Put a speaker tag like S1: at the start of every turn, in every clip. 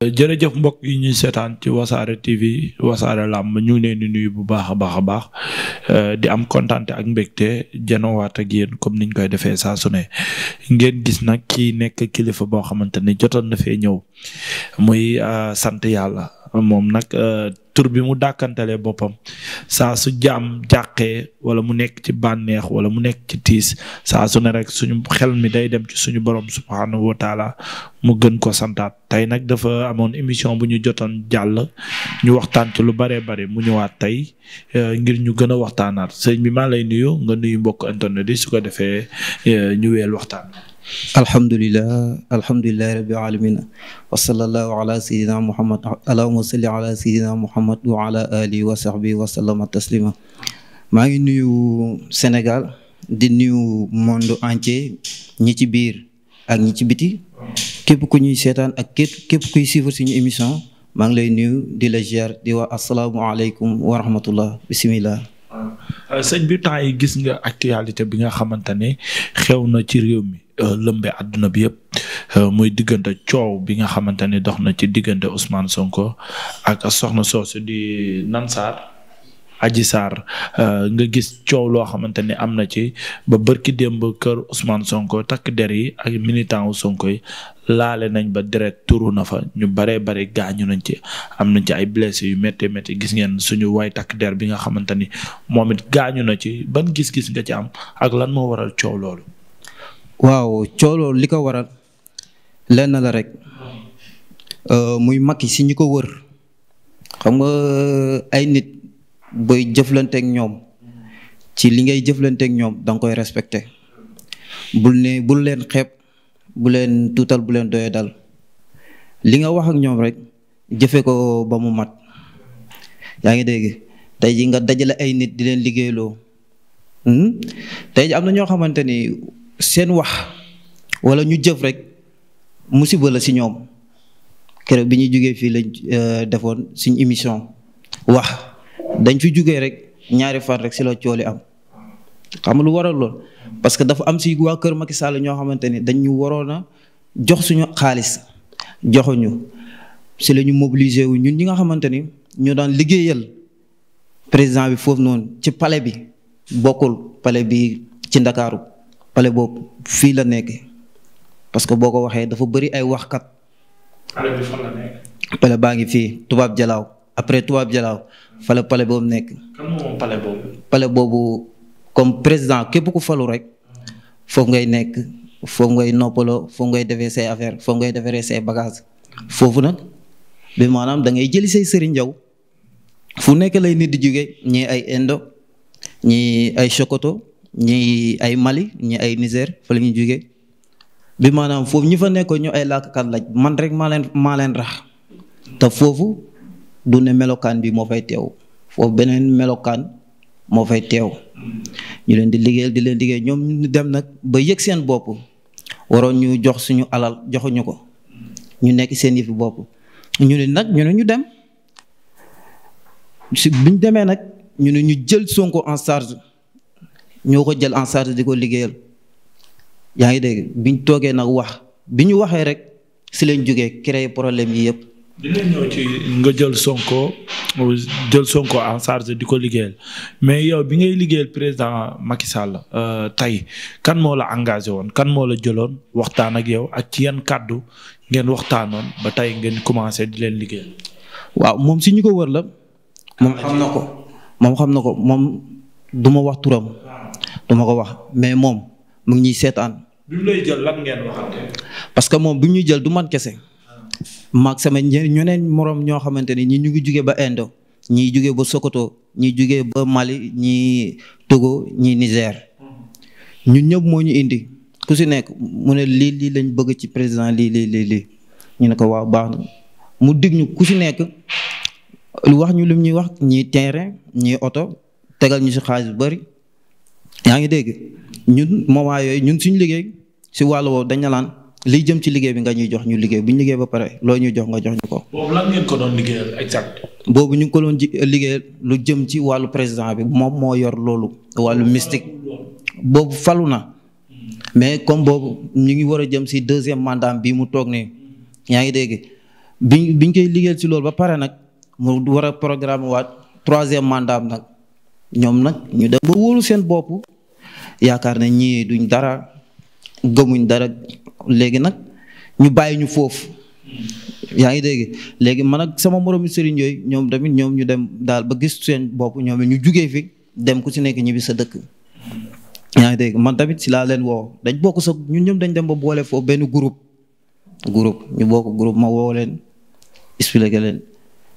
S1: jërëjëf mbokk yi ñuy seetaan ci wasaare TV wasaare làmb ñu ngi leen di nuyu bu baax a baax a baax eh, di am kontante ak mbégte janowaat ak yéen comme niñ koy defee saa su ne ngeen gis nag kii nekk kilifa boo xamante ne jotoon na fee ñëw muy eh, sant yàlla moom nag eh, tur bi mu dàkkantalee boppam saa su jaam jàqee wala mu nekk ci bànneex wala mu nekk ci tiis saa su ne rek suñu xel mi day dem ci suñu borom subhaanahu wa taala mu gën ko santaat tey nag dafa amoon émission bu ñu jotoon jàll ñu waxtaan ci lu baree bari mu ñëwaat tey euh, ngir ñu gën a waxtaanaat sëñ bi maa lay nuyu nga nuyu mbokk internet yi su ko defee euh, ñu weel waxtaan
S2: alhamdulilah alhamdulilahi rabbil alamin wa sallallahu ala sayidina muhammad allahumma salli ala muhammad wa ala alihi wa sahbihi maa ngi nuyu Sénégal di nuyu mondo entier ñi ci biir ak ñi ci biti képp ku ñuy seetaan ak képp képp kuy si suñu émission maa ngi lay nuyu di la ziar di wax asalaamualeykum wa rahmatullah bisimilah.
S1: sëñ bi temps gis nga actualité bi nga xamante ne xew na ci réew mi. Euh, lëmbe àdduna bi yëpp euh, muy diggante coow bi nga xamante ni dox na ci diggante Ousmane Sonko ak soxna soosu di Nansar Adji Sarr euh, nga gis coow loo xamante ni am na ci ba bërki démb kër Ousmane Sonko takk der yi ak militant wu Sonko yi laale nañ ba deret turu na fa ñu baree bare gaañu nañ ci am nañ ci ay blessé yu métti métti gis ngeen suñu waay takk der bi nga xamante ni moom it gaañu na ci ban gis-gis nga ci am ak lan moo waral coow loolu.
S2: waaw cooloo li ko waral lenn la rek euh, muy Macky si ñi ko wër xam nga euh, ay nit booy jëflanteeg ñoom ci li ngay jëflanteeg ñoom danga koy respecté bul ne bul leen xeeb bu leen tuutal bu leen doye dal li nga wax ak ñoom rek jëfe ko ba mu mat yaa ngi dégg tey ji nga dajale ay nit di leen liggéeyloo hmm? tey am na ñoo xamante seen wax wala ñu jëf rek musiba la si ñoom kere bi ñuy jugee fii lañ euh, defoon suñ émission wax dañ fi jógee rek ñaari fan rek si la cooli am xam lu waral lool parce que dafa am si waa kër Macky Sall ñoo xamante ni dañ ñu waroon a jox suñu xaalis joxuñu si la ñu mobiliser wu ñun ñi nga xamante ni ñoo daan liggéeyal président bi foofu noonu ci pale bi bokkul pale bi ci Ndakaaru xale boobu fii la nekkee parce que boo ko waxee dafa bëri ay waxkat.
S1: nekk.
S2: pale baa ngi fii tubaab jalaaw après tubaab jalaaw fa boobu nekk. comme président képp ku falu rek foofu ngay nekk foofu ngay noppaloo foofu ngay defee say affaire foofu ngay defaree say bagage foofu nag bi maanaam da ngay jëli say sëriñ jaw fu nekk lay nit di jóge ñii ay Indo ñii ay Sokoto ñi ay Mali ñi ay Niger fa la ñuy jógee bi maanaam foofu ñi fa nekkoon ñu ay làkkat laaj man rek maa leen maa rax te foofu du ne melokaan bi moo fay teew foofu beneen melokaan moo fay teew ñu leen di liggéeyal di leen liggéey ñoom ñu dem nag ba yëg seen bopp waroon ñu jox suñu alal joxuñu ko ñu nekk seen yëfi bopp ñu ne nag ñu ne ñu dem si demee nag ñu ne ñu jël Sonko en charge ñoo ko jël en di ko liggéeyal yaa ngi dégg biñ toogee nag wax bi ñu waxee rek si leen jógee créer problème yi yëpp. dinañ ñëw ci nga jël Sonko
S1: jël Sonko en charge di ko liggéeyal mais yow bi ngay liggéeyal président Macky Sall euh, tey kan moo la engagé woon kan moo la jëloon waxtaan ak yow ak ci yan kàddu
S2: ngeen waxtaanoon
S1: ba tey ngeen commencé di leen liggéeyal.
S2: waaw moom si ñu ko wër la. moom xam na ko moom xam na ko moom du ma wax turam. duma ko wax mais moom mu ngi ñuy seetaan. bi parce que moom bu ñuy jël du man kese. maag sama ñeneen moroom ñoo xamante ni ñi ñu ngi jugee ba Indo ñii jugee ba Sokoto ñii jugee ba Mali ñii Togo ñii Niger. ñu ñëpp moo ñu indi ku si nekk mu ne lii lii lañ bëgg ci président lii lii lii ñu ne ko waaw baax na mu dig ñu ku si nekk wax ñu lim ñuy wax ñii terrain ñii oto tegal ñu si xaalis bu bari yaa ngi dégg ñun moment yooyu ñun suñu liggéey si wàllu woowu dañ na laan jëm ci liggéey bi nga ñuy jox ñu liggéey bu ñu ba pare loo ñuy jox nga jox ñu ko. boobu lan boobu ñu ngi ko doon liggéeyal lu jëm ci wàllu président bi moom moo yor loolu. wàllu mystique boobu falu na. mais comme boobu ñu ngi war a jëm si deuxième mandat bii mu toog nii yaa ngi dégg biñ biñ koy liggéeyal si loolu ba pare nag mu war a programme waat troisième mandat nag. ñoom nag ñu dem ba wóolu seen bopp yaakaar ne ñii duñ dara gëmuñ dara léegi nag ñu bàyyi ñu foofu yaa ngi dégg léegi man ak sama moromu sëriñ yooyu ñoom tamit ñoom ñu dem daal ba gis seen bopp ñoom ñu jugee fi dem ku ci nekk ñibbi sa dëkk. yaa ngi dégg man tamit si laa leen woo dañ bokk sa ñun ñoom dañ dem ba boole foofu benn groupe groupe ñu bokk groupe ma woo leen leen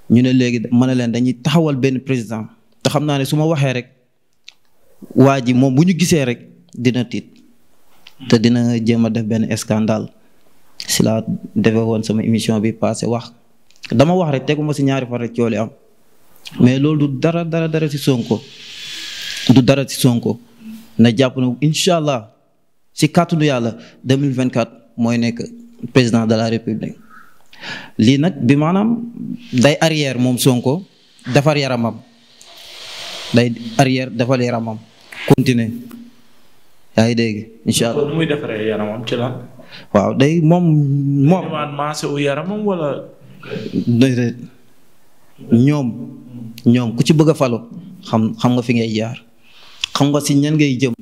S2: ñu ne léegi ma ne leen dañuy taxawal benn président. te xam naa ne su ma waxee rek waa ji moom bu ñu gisee rek dina tiit te dina jéem a def benn scandale si laa defee woon sama émission bi passé wax dama wax rek teguma si ñaari fan rek cooli am mais loolu dara dara dara si Sonko du dara si Sonko na jàpp na incha allah si kàttanu yàlla 2024 mooy nekk président de la république lii nag bi maanaam day arrière moom Sonko defar yaramam. day arrière defal yaramam continuer yaa ngi dégg incha allah nu
S1: muy defaree yaramam ci
S2: waaw day moom
S1: moom. yaramam wala.
S2: déedéet ñoom. ñoom ku ci bëgg a falu xam xam nga fi ngay jaar xam nga si ñen ngay jëm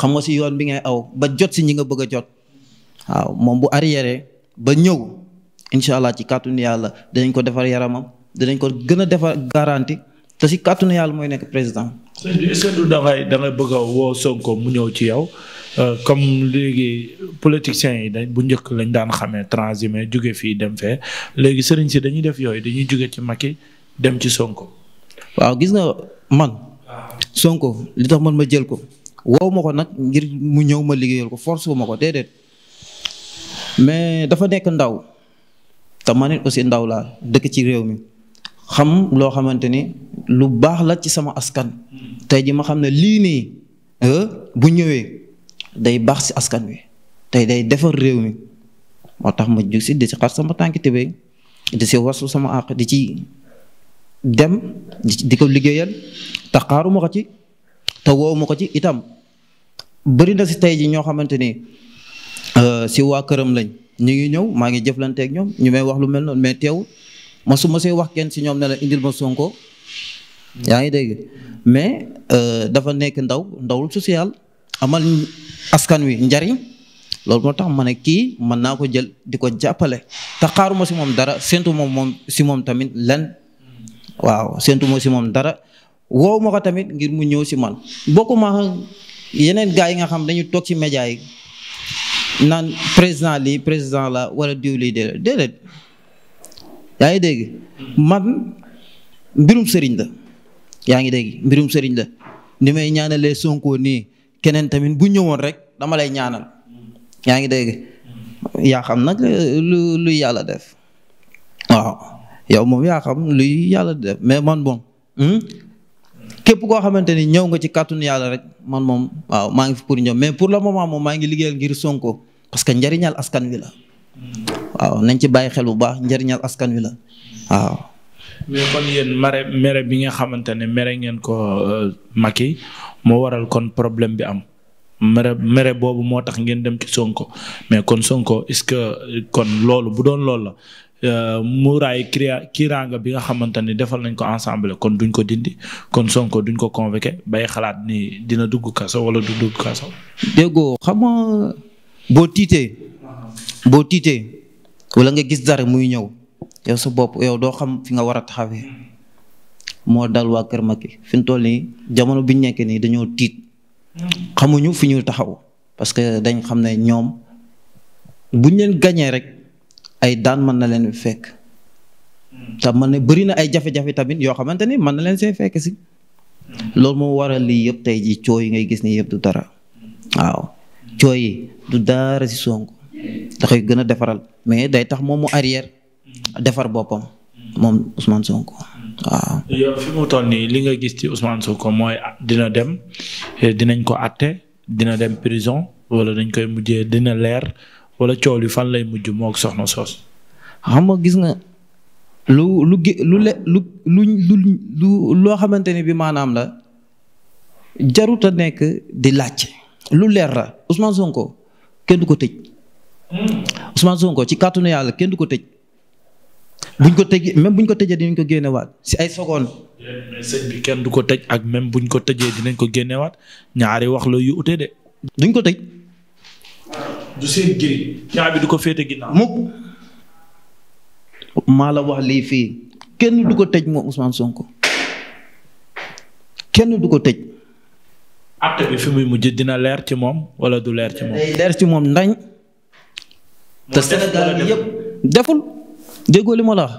S2: xam nga si yoon bi ngay aw ba jot si ñi nga bëgg a jot waaw moom bu arrière ba ñëw incha allah ci kàttanu yàlla dinañ ko defar yaramam dinañ ko gën defar garanti te si kàttanu yàlla mooy nekk président.
S1: sëñ bi est-ce bëgg woo Sonko mu ñëw ci yow euh, comme léegi politiciens yi dañ bu njëkk lañ daan xamee transhumé jóge fii dem fee léegi sëriñ si dañuy def yooyu dañuy jóge ci mag Macky dem ci Sonko.
S2: waaw gis na man. Sonko li tax man ma jël ko. woow ma ko nag ngir mu ñëw ma liggéeyal ko force wuma ko déedéet mais dafa nekk ndaw te man it aussi ndaw laa dëkk ci réew mi. xam loo xamante ni lu baax la ci sama askan tey ji ma xam ne lii nii euh, bu ñëwee day baax si askan wi tey day defar réew mi moo tax ma jug si di si xar sama tànki tëbéy di si wasu sama àq di ci dem di ko liggéeyal te xaaru ma ko ci te woow ma ko ci itam bëri na si tey ji ñoo xamante ni euh, si waa këram lañ ñu ngi ñëw maa ngi jëflanteeg ñoom ñu may wax lu mel noonu mais teewul ma su ma see wax kenn si ñoom na la indil ma Sonko yaa ngi dégg mais euh, dafa nekk ndaw ndawul social amal askan wi njariñ loolu moo tax ma ne kii mën naa ko jël di ko jàppale te xaaruma si moom dara séntu ma si moom tamit lenn waaw séntu ma si moom dara woowu ma ko tamit ngir mu ñëw si man bokkuma yeneen gars yi nga xam dañuy toog ci média yi naan président lii président la wala diw lii déedéet déedéet yaa ngi dégg man mbirum sëriñ la yaa ngi dégg mbirum sëriñ la ni may ñaanalee Sonko nii keneen tamit bu ñëwoon rek dama lay ñaanal yaa ngi dégg yaa xam nag euh, lu luy yàlla def waaw yow moom yaa xam luy yàlla def mais man bon hmm? képp koo xamante ni ñëw nga ci kàttanu yàlla rek man moom maa ngi fi pour ñëw mais pour le moment moom maa ngi liggéeyal ngir Sonko parce que njariñal askan wi la waaw nañ ci bàyyi xel bu baax njëriñal askan wi la waaw.
S1: mais kon yéen mere mere bi nga xamante ne mere ngeen ko euh, Macky moo waral kon problème bi am mere mere boobu moo tax ngeen dem ci Sonko mais kon Sonko est-ce que kon loolu bu doon loolu la euh, muraay kiiraanga bi nga xamante ne defal nañ ko ensemble kon duñ ko dindi kon Sonko duñ ko convoqué bay xalaat ni dina dugg kaso wala du dugg kaso.
S2: déggoo xam boo tiitee. boo tiitee. wala nga gis dara muy ñëw yow sa bopp yow doo xam fi nga war a taxawee moo dal waa Kër Macky fi mu toll nii jamono bi ñu nii dañoo tiit xamuñu fi ñu taxaw parce que dañ xam ne ñoom buñ leen gañee rek ay daan mën na leen fekk. te man ne bëri na ay jafe tamit yoo xamante ni mën na leen see fekk si. loolu moo waral lii yëpp tey ji coow yi ngay gis nii yëpp du dara. waaw coow yi du dara si sonk da koy gën a defaral mais day tax moom mu arrière defar boppam moom Ousmane Sonko waaw.
S1: yow fi mu toll nii li nga gis ci Ousmane Sonko mooy dina dem eh, dinañ ko àtte dina dem prison wala dañ koy mujjee dina leer wala cool yi fan lay mujj moo soxna
S2: soos. xam nga gis nga lu lu lu lu lu lu loo xamante ni bi maanaam la jarut a nekk di laaj lu leer la Ousmane Sonko kenn ko tëj. Mm. Ousmane Sonko ci kàttanu yàlla kenn du ko tëj. buñ ko tëj même buñ ko tëjee dinañ ko génnewaat si ay secondes.
S1: du ko tëj ak même buñ ko tëjee dinañ ko génnewaat ñaari wax la yu ute de. duñ ko tëj. du seen giri ñaar bi du ko
S2: féete ginnaaw. mukk maa la wax lii fii kenn du ko tëj moom Ousmane Sonko kenn du ko tëj. acte bi fi muy mujj dina leer ci moom wala du leer ci moom. leer ci moom ndañ. te Sénégal bi deful déggoo li ma la wax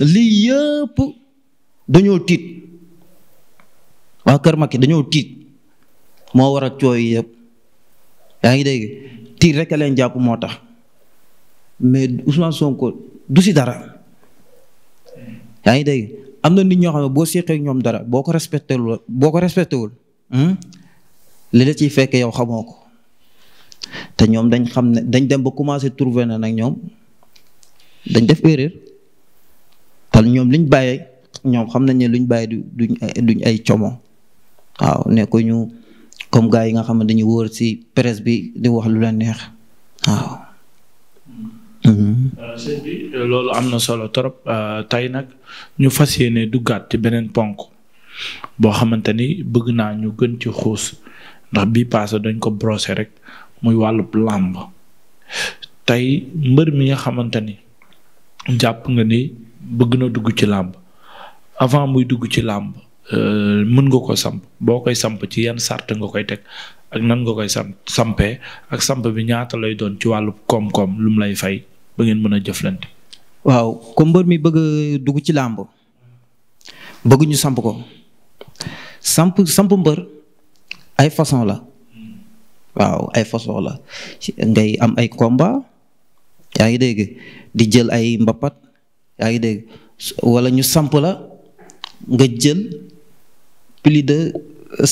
S2: lii yëpp dañoo tiit waa Kër ma ki dañoo tiit moo war a cooy yëpp yaa ngi dégg tiit rek a leen jàpp moo tax mais Ousmane Sonko du si dara yaa ngi dégg am na nit ñoo xam ne boo seqee ñoom dara boo ko respecté wul boo ko respecté wul hmm, li ciy fekk yow xamoo ko. te ñoom dañ xam ne dañ dem ba commencé trouver na nag ñoom dañ def erreur te ñoom liñ bàyyee ñoom xam nañ ne luñ bàyyi du duñ duñ ay como waaw nekko ñu comme gars yi nga xam ne dañuy wóor si presse bi di wax lu la neex waaw. Euh,
S1: loolu am na solo trop euh, tey nag ñu fas yéene duggaat ci beneen ponk boo xamante ni bëgg naa ñu gën ci xuus ndax bii paase dañ ko brosser rek. muy wàllub làmb tey mbër mi nga xamante ni jàpp nga ni bëgg na dugg ci làmb avant muy dugg ci làmb euh, mën nga ko samp boo koy samp ci yan sart nga koy teg ak nan nga koy samp sampee ak samp bi ñaata lay doon ci wàllub koom-koom lu lay fay ba ngeen mën
S2: a jëflante. waaw comme mbër mi bëgg dugg ci làmb bëgguñu ñu samp ko samp samp mbër ay façon la. waaw ay façon la ngay am ay komba yaa ngi dégg di jël ay mbapat yaa ngi dégg wala ñu samp la nga jël pili de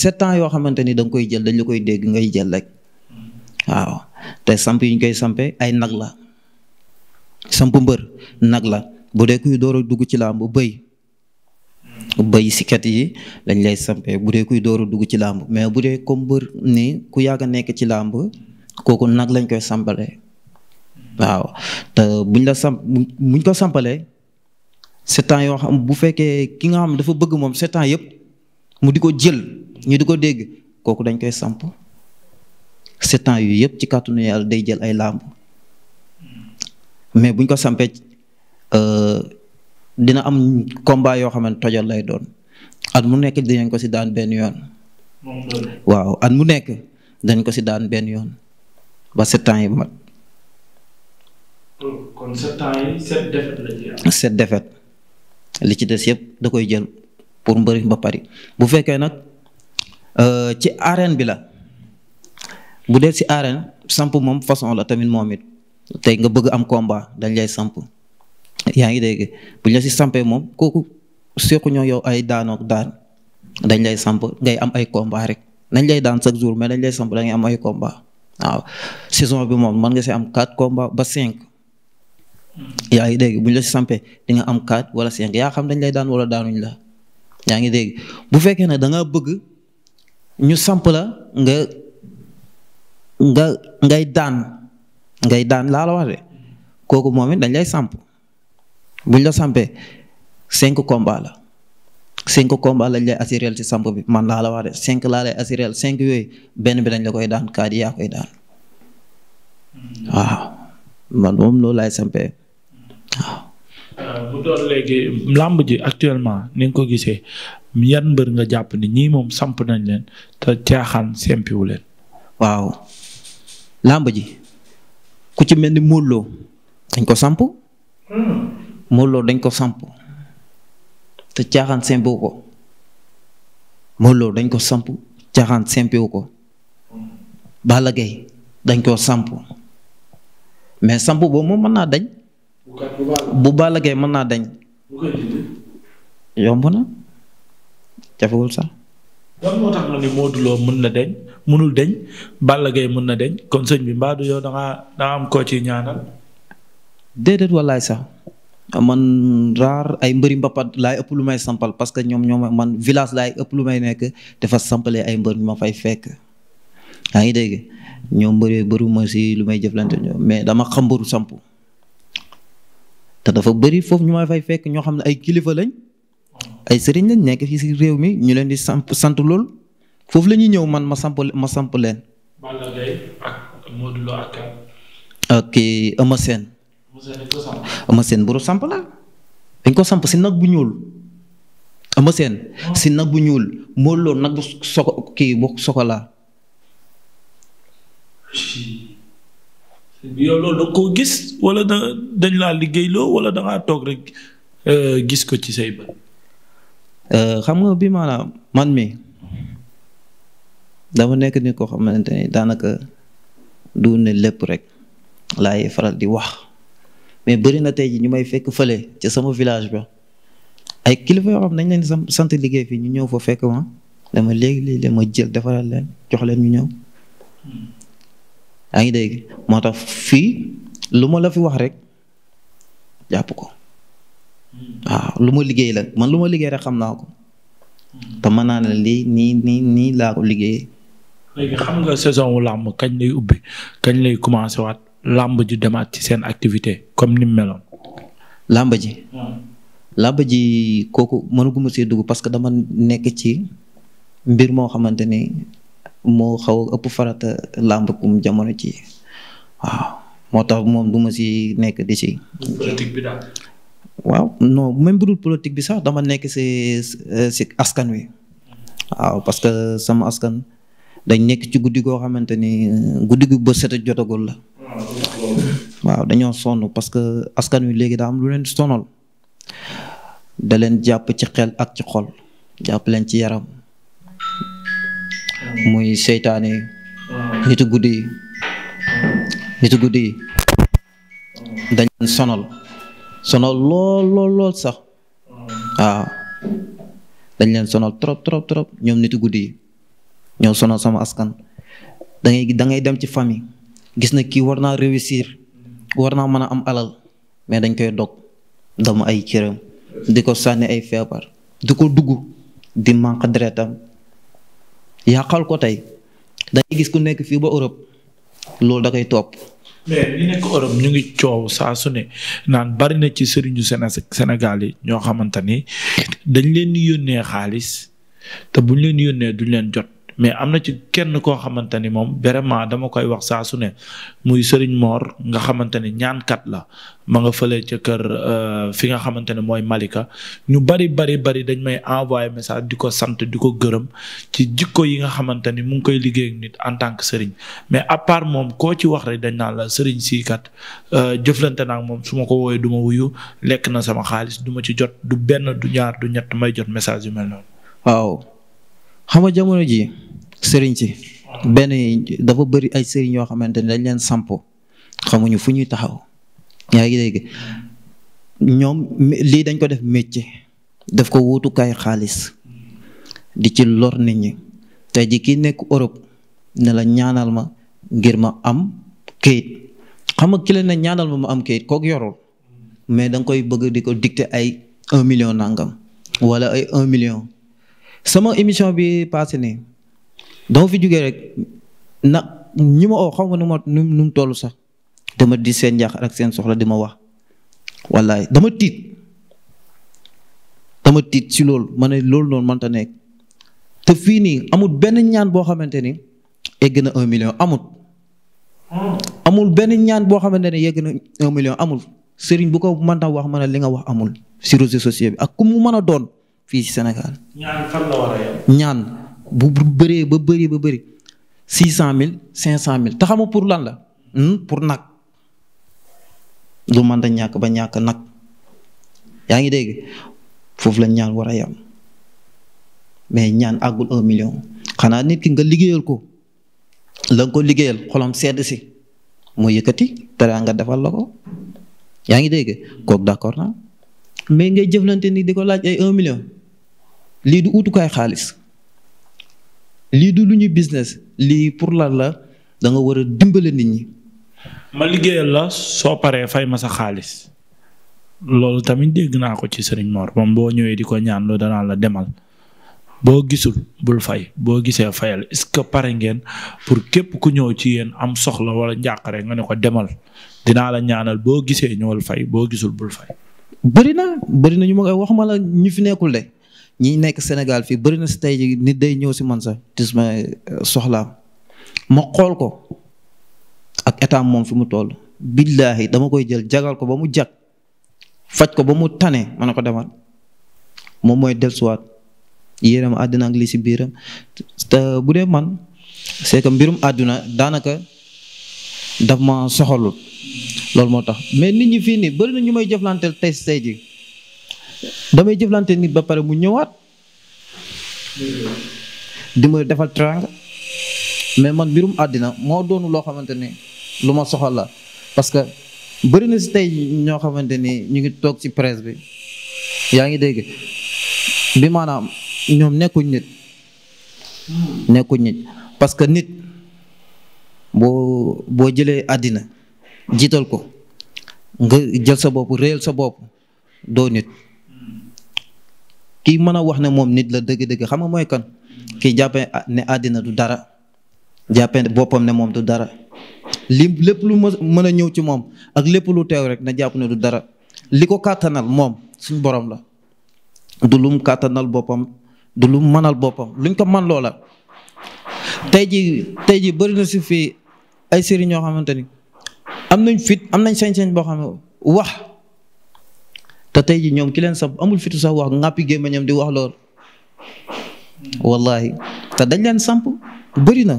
S2: sept yoo xamante ni da koy jël dañ la koy dégg ngay jël rek waaw te samp yiñ koy sampe ay nag la samp mbër nag la bu dee kuy door a dugg ci làmb bëy bay sikat yi lañ lay sampe bu dee kuy dooru dugg ci làmb mais bu dee comme mbër ni ku yàgg nekk ci làmb kooku nag lañ koy sampale waaw te buñ la samp ko sampale sept yoo xam bu fekkee ki nga xam dafa bëgg moom sept yëpp mu di ko jël ñu di ko dégg kooku dañ koy samp sept ans yëpp ci kàttanu yàlla day jël ay làmb mais buñ ko sampee euh, dina am combat yoo xam ne tojal lay doon at mu nekk dinañ ko si daan benn yoon. waaw at mu nekk dañ ko si daan benn yoon ba sept ans yi oh, li ci des yëpp da koy jël pour mbëri ba pari bu fekkee nag euh, ci arène bi la bu dee si arène samp moom façon la tamit moom it tey nga bëgg am combat dañ lay samp. yaa ngi dégg bu ñu la si sampee moom kooku seeku ñoo yow ay daanook daan dañ lay samp ngay am ay combat rek nañ lay daan chaque jour mais dañ lay samp da ngay am ay combat waaw saison bi moom mën nga si am quatre combat ba cinq. yaa ngi dégg bu ñu la si sampee di nga am quatre wala cinq yaa xam dañ lay daan wala daanuñ la yaa ngi dégg bu fekkee ne da nga bëgg ñu samp la nga nga ngay daan ngay daan laa la wax de kooku moom it dañ lay samp. buñ la sampee cinq combat la cinq combat lañ lay assuré ci bi man laa la wax de cinq laa lay assuré cinq yooyu benn bi dañ la koy daan kaadi yaa koy daan waaw man moom loolu laay sampee waaw.
S1: Euh, làmb ji actuellement ni nga ko gisee yan mbër nga jàpp ni ñii moom samp nañ leen te caaxaan sempiwu leen.
S2: waaw làmb ji ku ci mel ni Modou Lo dañ Modou Lo dañ ko samp te caaxaan sempiwu ko Modou Lo dañ ko samp caaxaan sempiwu ko Balla Gaye dañ koo samp mais samp boobu moom mën naa dañ bu Balla Gaye mën naa dañ yomb na jafewul sax
S1: lan moo tax nga mën na deñ mënul deñ Balla Gaye mën na deñ kon sëñ bi mbaadu yow da nga da nga am ñaanal
S2: déedéet wallaay sax man raar ay mbëri mbapat laay ëpp lu may sampal parce que ñoom ñoom man village laay ëpp lu may nekk dafa sampalee ay mbër ñu ma fekk. yaa ngi dégg ñoom mbëree bëruma si lu may jëflante mais dama xam mbëru samp te dafa bëri foofu ma fay fekk ñoo xam ne ay kilifa lañ ay sëriñ lañ nekk fii si réew mi ñu leen di samp sant lool foofu la ñuy ñëw man ma samp ma samp leen.
S1: Balla Gaye ak Modou
S2: Eumeu Sène buru samp la dañ ko samp si nag bu ñuul amaseen si nag bu ñuul Modou Lo nag bu soko kii bu sokola
S1: yow gis wala dañ laa liggéeyloo wala da ngaa toog rek euh, gis ko ci say bët.
S2: Euh, xam nga bi maanaam man mi dama nekk nit koo xamante ni daanaka du ne lépp rek laay faral di wax. mais bëri na tey ji ñu may fekk fële ca sama village ba ay kilifa yoo xam nañ leen sant liggéey fii ñu ñëw foo fekk ma dama léegi léegi dama jël defaral leen jox leen ñu ñëw yaa ngi dégg moo tax fii lu ma la fi wax rek jàpp ko waaw lu ma liggéey la man lu ma liggéey rek xam naa ko te mën naa ne lii nii nii nii laa liggéey
S1: xam nga saison wu làmb kañ lay ubbi kañ lay commencé waat làmb ji demaat ci seen activité comme ni mu
S2: meloon. làmb ji. ji kooku mënuguma see dugg parce que dama nekk ci mbir moo xamante ni moo xaw ëpp farata làmb kum jamono ci waaw moo moom du ma nekk di si. bi waaw non même bu bi sax dama nekk si si askan wi. waaw parce que sama askan dañ nekk ci guddi goo xamante ni guddi gu bët set jotagul la. waaw dañoo sonn parce que askan wi léegi daam lu leen sonal da leen jàpp ci xel ak ci xol jàpp leen ci yaram muy seytaane yi guddi yi guddi yi dañ leen sonal sonal lool lool sax waaw dañ leen sonal trop trop trop ñoom nitu guddi yi ñoo sonal sama askan da ngay da dem ci famille gis na kii war naa réussir war naa mën a am alal mais dañ koy dog dama ay cëram di ko sànni ay feebar di ko dugg di manque deretam yàqal ko tey dañuy gis ku nekk fii ba Europe loolu da koy topp. mais ñi nekk Europe ñu ngi coow saa su ne
S1: naan bari na ci sëriñu Sénégal yi ñoo xamante ni dañ leen di yónnee xaalis te buñ leen yónnee duñ leen jot. mais am na ci kenn koo xamante ni moom vraiment dama koy wax saa su ne muy Serigne Mor nga xamante ni ñaankat la ma nga fëlee ca kër euh, fi nga xamante ne mooy Malika ñu bari bari bari dañ may envoyé message di ko sant di ko gërëm ci jikko yi nga xamante ni mu ngi koy liggéey ak nit en tant que Serigne mais à part moom koo ci wax rek dañ naan la Serigne sii kat euh, jëflante naa moom su ma ko wooyee du ma wuyu lekk na sama xaalis duma ci jot du benn du ñaar du ñett may jot message yu mel
S2: waaw sëriñ si benn dafa bëri ay sëriñ yoo xamante ne dañ leen sampo xamuñu fu ñuy taxaw yaa ngi dégg ñoom lii dañ ko def métier def ko wuutukaay xaalis di ci lor nit ñi tey ji kii nekk Europe ne la ñaanal ma ngir ma am kayit xam nga ki leen ñaanal ma ma am kayit kook yorul mais danga koy bëgg di ko dicter ay un million nangam wala ay un million sama émission bi passé nii dama fi jógee rek na ñi ma oo xaw ma nu ma nu mu toll sax dama di seen njaax ak seen soxla di wax wallaay dama tiit dama tiit si lool ma ne loolu noonu mënta nekk te fii nii amul benn ñaan boo xamante ni yegg na un million amul. amul benn ñaan boo xamante ne yegg na million amul sëriñ bu ko man mënta wax ma ne li nga wax amul si réseaux sociaux bi ak ku mu mën a doon fii si Sénégal. ñaan. bu bëree ba bëri ba bëri six cent mille cinq cent mille te xamu pour lan la hmm? pour nag lu mën da ñàkk ba ñàkk nag yaa ngi dégg foofu la ñaan war a yam mais ñaan àggul un million xanaa nit ki nga liggéeyal ko la ko liggéeyal xolam sedd si mu yëkkati dara nga defal la ko yaa ngi dégg kooku d'accord na mais ngay jëflante ni di ko laaj ay un million lii du utukaay xaalis lii du lu ñu business lii pour lan la danga nga war a dimbale nit ñi.
S1: ma liggéeyal la soo paree fay ma sa xaalis loolu tamit dégg naa ko ci Serigne Mor moom boo ñëwee di ko ñaan loolu danaa la demal boo gisul bul fay boo gisee fayal est-ce que pare ngeen pour képp ku ñëw ci yéen am soxla wala nga ne ko demal dinaa la ñaanal boo gisee ñëwal fay
S2: boo gisul bul bëri na bëri na ñu ma koy wax ma la ñu fi nekkul de ñi nekk Sénégal fii bëri na si tey ji nit day ñëw si man sax dis ma eh, soxlaa ma xool ko ak état moom fi mu toll. billaahi dama koy jël jagal ko ba mu jag faj ko ba mu tane ma ne ko demal moom mooy dellusiwaat yéenam àddina ak lii si biiram te bu dee man c'est mbirum àdduna daanaka daf ma soxalul loolu moo tax mais nit ñi fii nii bëri na ñu may jëflanteel tey si tey damay jëflante nit ba pare mu ñëwaat dima defal teraanga mais man mbirum àddina moo doonu loo xamante ni lu ma soxal la parce que bëri na si tey ñoo xamante ni ñu ngi toog ci presse bi yaa ngi dégg bi maanaam ñoom nekkuñ nit nekkuñ nit parce que nit boo boo jëlee àddina jiital ko nga jël sa bopp réel sa bopp doo nit kii mën a wax ne moom nit la dëgg-dëgg xam nga mooy kan kii jàppee ah, ne àddina du dara jàppee boppam ne moom du dara li lépp lu mën a ñëw ci moom ak lépp lu teew rek na jàpp na du dara li ko kàttanal moom suñ borom la du lum kàttanal boppam du lum mënal boppam luñ ko man loola tey ji tey ji bëri na si fii ay sëriñ ñoo xamante ni am na fit am nañ sañ-sañ boo xam ne wax te tey ji ñoom ki leen sab amul fitu sax wax ŋàppi gémmiñam di wax lool wallahi te dañ leen samp bëri na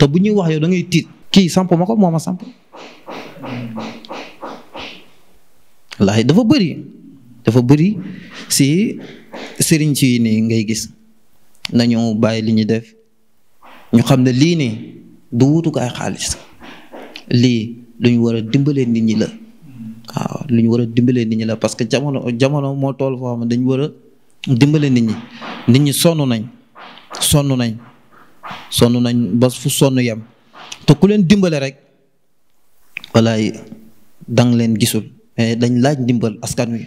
S2: te bu ñuy wax yow da ngay tiit kii samp ma ko moo ma samp wallahi dafa bari dafa bëri si ci si nii ngay gis nañu bàyyi li ñuy def ñu xam ne lii nii du wutukaay xaalis lii lu ñu war a dimbalee nit ñi la waaw lu ñu war a dimbalee nit ñi la parce que jamono jamono moo tool foo xam ne dañu war a dimbale nit ñi nit ñi sonn nañ sonn nañ sonn nañ ba su sonn yem te ku leen dimbale rek walaay dang leen gisul mais dañ laaj dimbal askan wi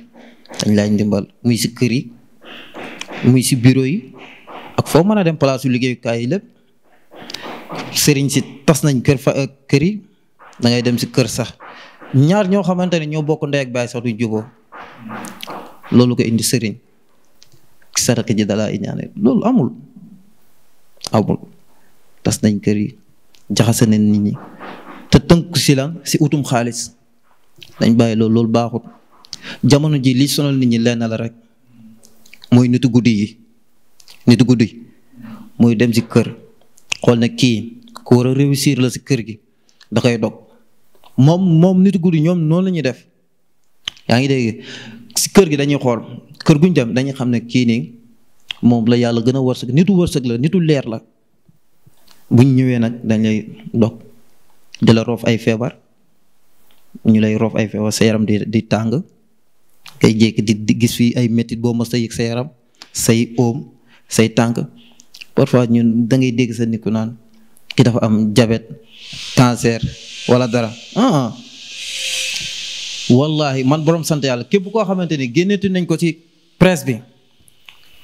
S2: dañ laaj dimbal muy si kër yi muy si bureau yi ak foo mën a dem place yu liggéeyukaay yi lépp sëriñ si tas nañ kër fa kër yi da dem si kër sax ñaar ñoo xamante ne ñoo bokk ndey baay sax du juboo loolu ko indi sëriñ saraka ji dalaa iñaane loolu amul amul tas nañ kër yi jaxase nañ nit ñi te tënk si la si utum xaalis dañ bàyyi loolu loolu baaxut jamono ji lii sonal nit ñi lenn rek mooy nitu guddi yi nitu guddi mooy dem si kër xool ne kii ku war a réussir la si kër gi da koy dog moom moom nit nitu guddi ñoom noonu la ñuy def yaa ngi dégg si kër gi dañuy xool kër guñ dem dañuy xam ne kii nii moom la yàlla gën a wërsëg nitu wërsëg la nitu leer la buñ ñëwee nag dañ lay dog di la roof ay feebar ñu lay roof ay feebar sa yaram di di ay kay jékki di gis fii ay métit boo mës a yëg yaram say oom say tànk parfois ñu dangay ngay sa nit ku naan ki dafa am jabet cancer wala dara ah wallahi man borom sant yàlla képp koo xamante ni génneeti nañ ko ci presse bi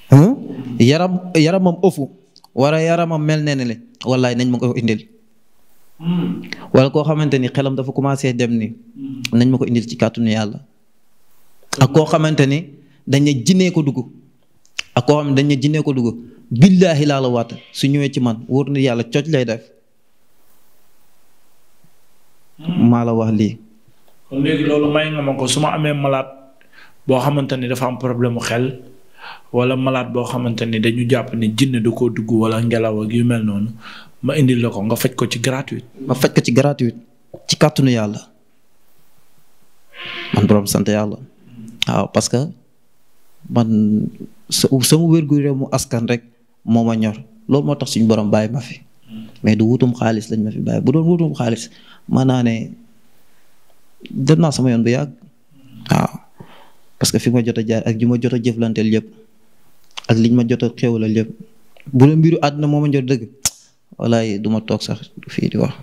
S2: hmm? yaram yaramam ëfu wala yaramam mel ne ne le wallahi nañ ma ko indil hmm. wala koo xamante ni xelam dafa commencé dem ni hmm. nañ ma ko indil ci kàttanu yàlla ak koo xamante ni daña jinee ko dugg ak koo xam ne daña jinee ko dugg billaahi laa la waata su ñëwee ci man wóor na yàlla cooj lay def maa la wax lii. kon loolu
S1: may nga ma ko su ma amee malaat boo xamante ni dafa am problème mu xel wala malaat boo xamante ni dañu jàpp ni jinne da koo dugg wala ngelaw ak yu mel noonu ma indil la ko nga faj
S2: ko ci gratuite. ma faj ko ci gratuite ci kàttanu yàlla man borom sant yàlla waaw parce que man sama wér-gu-yaramu askan rek moo ma ñor loolu moo tax suñu borom bàyyi ma fi hmm. mais du wutum xaalis lañ ma fi bàyyi bu doon wutum xaalis maanaa ne jot naa sama yoon bu yàgg waaw parce que fi ma jot a jaar ak ju ma jot a jëflanteel yëpp ak liñ ma jot a xéwalal yëpp bu la mbiru àdduna moo ma jot dëgg walaay du ma toog sax fii di wax.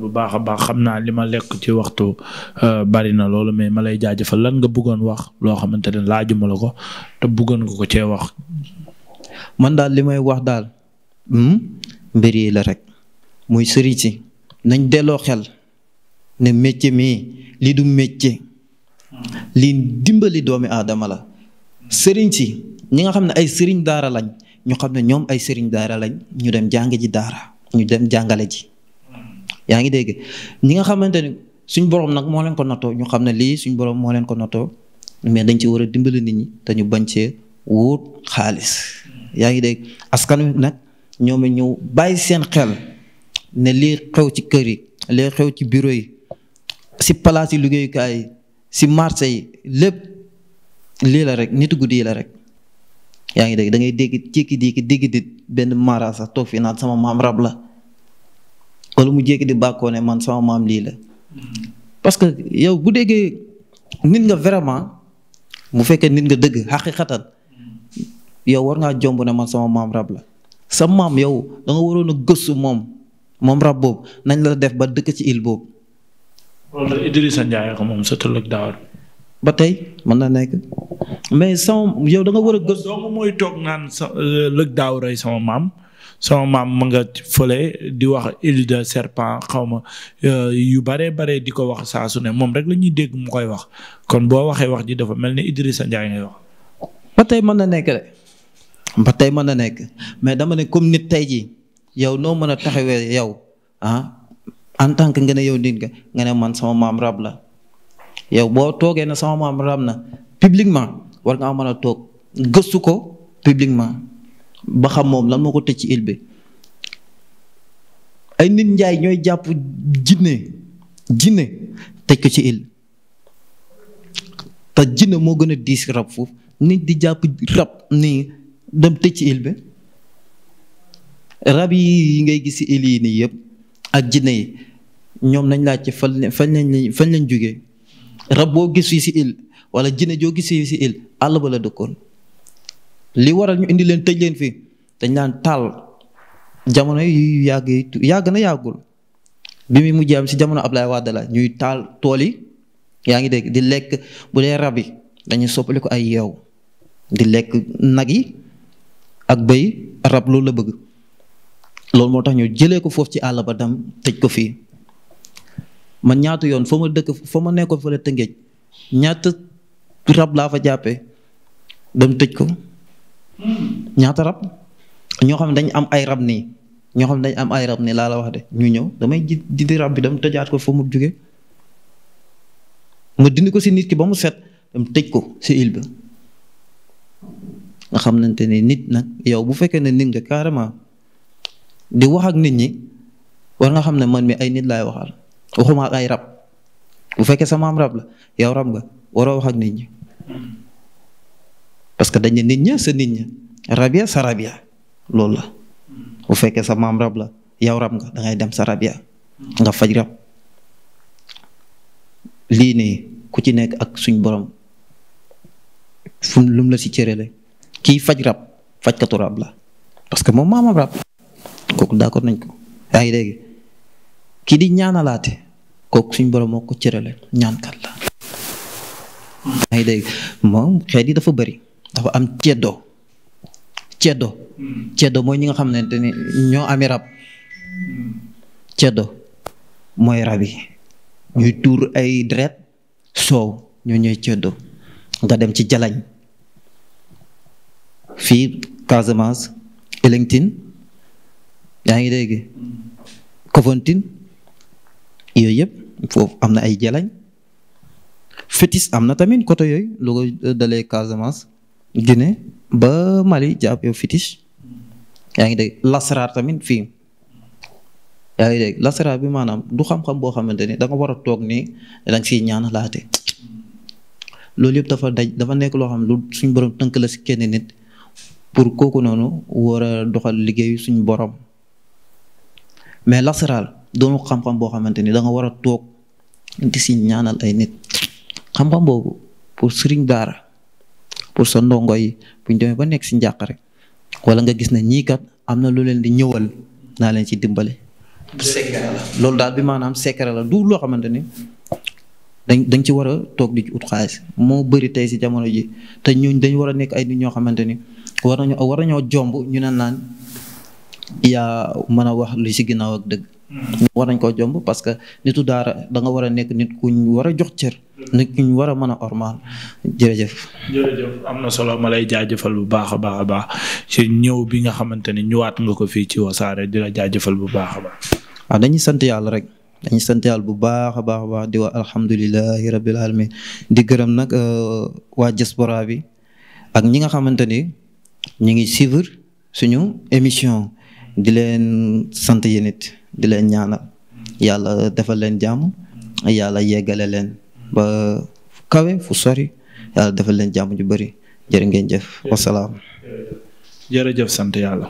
S1: bu baax a baax xam naa li ma lekk ci waxtu euh, bari na loolu mais ma lay jaajëfal lan nga bëggoon wax loo xamante ne laajuma la ko
S2: te bëggoon nga ko cee wax. man daal li may wax daal. Hmm? mbir yi la rek. muy sëriñ si nañ delloo xel ne métier mii lii du métier lii dimbali doomi aadama la sëriñ si ñi nga xam ne ay sëriñ daara lañ ñu xam ne ñoom ay sëriñ daara lañ ñu dem jàng ji daara ñu dem jàngale ji yaa ngi dégg ñi nga xamante ni suñ borom nag moo leen ko nattoo ñu xam ne lii suñ borom moo leen ko nattoo mais dañ ci war a dimbali nit ñi te ñu bañ cee wut xaalis yaa ngi dégg askan wi nag ñoom ñëw bàyyi seen xel. ne lii xew ci kër yi lii xew ci bureau yi si palaas yi liggéeyukaay yi si marché yi lépp lii la rek nitu guddi yi la rek yaa ngi dégg da ngay dégg jékki jékki dégg di benn mara sax toog fi sama maam rab la wala mu jékki di bàkkoo ne man sama maam lii la parce que yow bu déggee nit nga vraiment mu fekkee nit nga dëgg xaqiqatan yow war ngaa jomb ne man sama maam rab la sa maam yow da nga waroon a gëstu moom moom rab boobu nañ la def ba dëkk ci île boobu.
S1: loolu Idrissa Ndiaye ko moom sëtul ak daawar.
S2: ba tey mën na nekk mais sama
S1: yow da war a gëstu. doomu mooy toog naan sa euh, lëg daaw rey sama maam. sama maam ma nga fële di wax huile de serpent xaw ma euh, yu bare bare di ko wax saa su ne moom rek la ñuy dégg mu koy wax kon boo waxee wax ji dafa mel ni Idrissa Ndiaye ngay wax.
S2: ba tey mën na nekk de ba tey mën na nekk mais dama ne comme nit tey jii yow noo mën a taxawee yow ah en tant que nga yow nit nga nga man sama maam rab la yow boo toogee na sama maam rab na publiquement war ngaa mën a toog gëstu ko publiquement ba xam moom lan moo ko tëj ci île bi ay nit njaay ñooy jàpp jinne jinne tëj ko ci île te jinne moo gën a diis rab foofu nit di jàpp rab nii dem tëj ci île bi rab yi ngay gis si ili yi nii yëpp ak jinne yi ñoom nañ laaj ci fan fan lañ fan lañ jógee rab boo gis fii si wala jinne joo gis fii si il àll ba la dëkkoon li waral ñu indi leen tëj leen fii dañ naan taal jamono yu yàgg yàgg na yàggul bi mu mujjee am si jamono Ablaye Wade la ñuy taal tool yi yaa ngi dégg di lekk bu dee rab yi dañuy soppali ay yeew di lekk nag yi ak bëy rab loolu la bëgg loolu moo tax ñu jëlee ko foofu ci àll ba dem tëj ko fii ma ñaata yoon foo ma dëkk foo ma nekkoo fële tëngéej ñaata rab laa fa jàppee dem tëj ko ñaata rab ñoo xam ne dañ am ay rab nii ñoo xam ne dañ am ay rab nii laa la wax de ñu ñëw damay ji dindi rab bi dam tëjaat ko foo mu jóge ma dindi ko si nit ki ba mu set dem tëj ko si île nga xam xamante ne nit nag yow bu fekkee ne nit nga carrément di wax ak nit ñi war nga xam ne man mi ay nit laay waxal waxuma ay rab bu fekkee sa am rab la yow rab nga war wax ak nit ñi parce que dañ ne nit ña sa nit ña rabia sa rabia loolu la bu fekkee sa maam rab la yow rab nga dangay dem sa rabia nga faj rab lii nii ku ci nekk ak suñ borom fu lum la si cërale kii faj rab fajkatu rab la parce que moom maamam rab la kooku d'accord nañ ko yaa ngi dégg ki di ñaanalaate kooku suñ borom moo ko cërale ñaankat la. yaa ngi dégg moom xeet yi dafa bari dafa am ceddo ceddo ceddo mooy ñi nga xam ne ni ñoo ami rab ceddo mooy rab yi ñuy tuur ay deret soow ñoo ñooy ceddo nga dem ci jalañ fii Casamance Elengtine yaa ngi dégg Kafountine yooyu yëpp foofu am na ay jalañ fétis am na tamit côté yooyu lu ko euh, dalee Casamance Guinée ba Mali jàpp yow fétis yaa ngi dégg lasaraar tamit fii yaa ngi bi maanaam du xam-xam boo xamante ni da nga war a toog ni danga siy ñaan laate loolu yëpp dafa daj dafa nekk loo xam lu suñ borom tënk la si kenn nit pour kooku noonu war a doxal liggéeyu suñ borom mais lasaraal doonu xam-xam boo xamante ni da nga war a toog di si ñaanal ay nit xam-xam boobu pour sëriñ daara pour sa ndongo yi buñ demee ba nekk si njàqare wala nga gis ne ñii kat am na lu leen di ñëwal naa leen ci dimbale. loolu daal bi maanaam secret la du loo xamante ni dañ dañ ci war a toog di ci ut xaalis moo bëri tey si jamono ji te ñun dañ war a nekk ay nit ñoo xamante ni war nañoo war jomb ñu ne naan yaa mën a wax lu si ginnaaw ak dëgg. Mm-hmm. war nañ koo jomb parce que nitu daara danga nga war a nekk nit ku ñu war a jox cër. nit ku ñu war a mën a ormaal jërëjëf.
S1: jërëjëf am na solo ma lay jaajëfal bu baax a baax a baax ci ñëw bi nga xamante ne ñëwaat nga ko fii ci wasaare di la
S2: jaajëfal bu baax a baax. waaw ah, dañuy sant yàlla rek. dañu sant yàlla bu baax a baax a baax di wax alhamdulilahi rabil alamin di gërëm nag euh, waa diaspora bi ak ñi nga xamante ni ñu ngi suivre suñu émission di leen sant yéen it di leen ñaanal yàlla defal leen jàmm yàlla yeggale leen ba kawe fu sori yàlla defal leen jàmm ju bëri jërë ngeen jëf wasalaam.
S1: jërëjëf sant yàlla.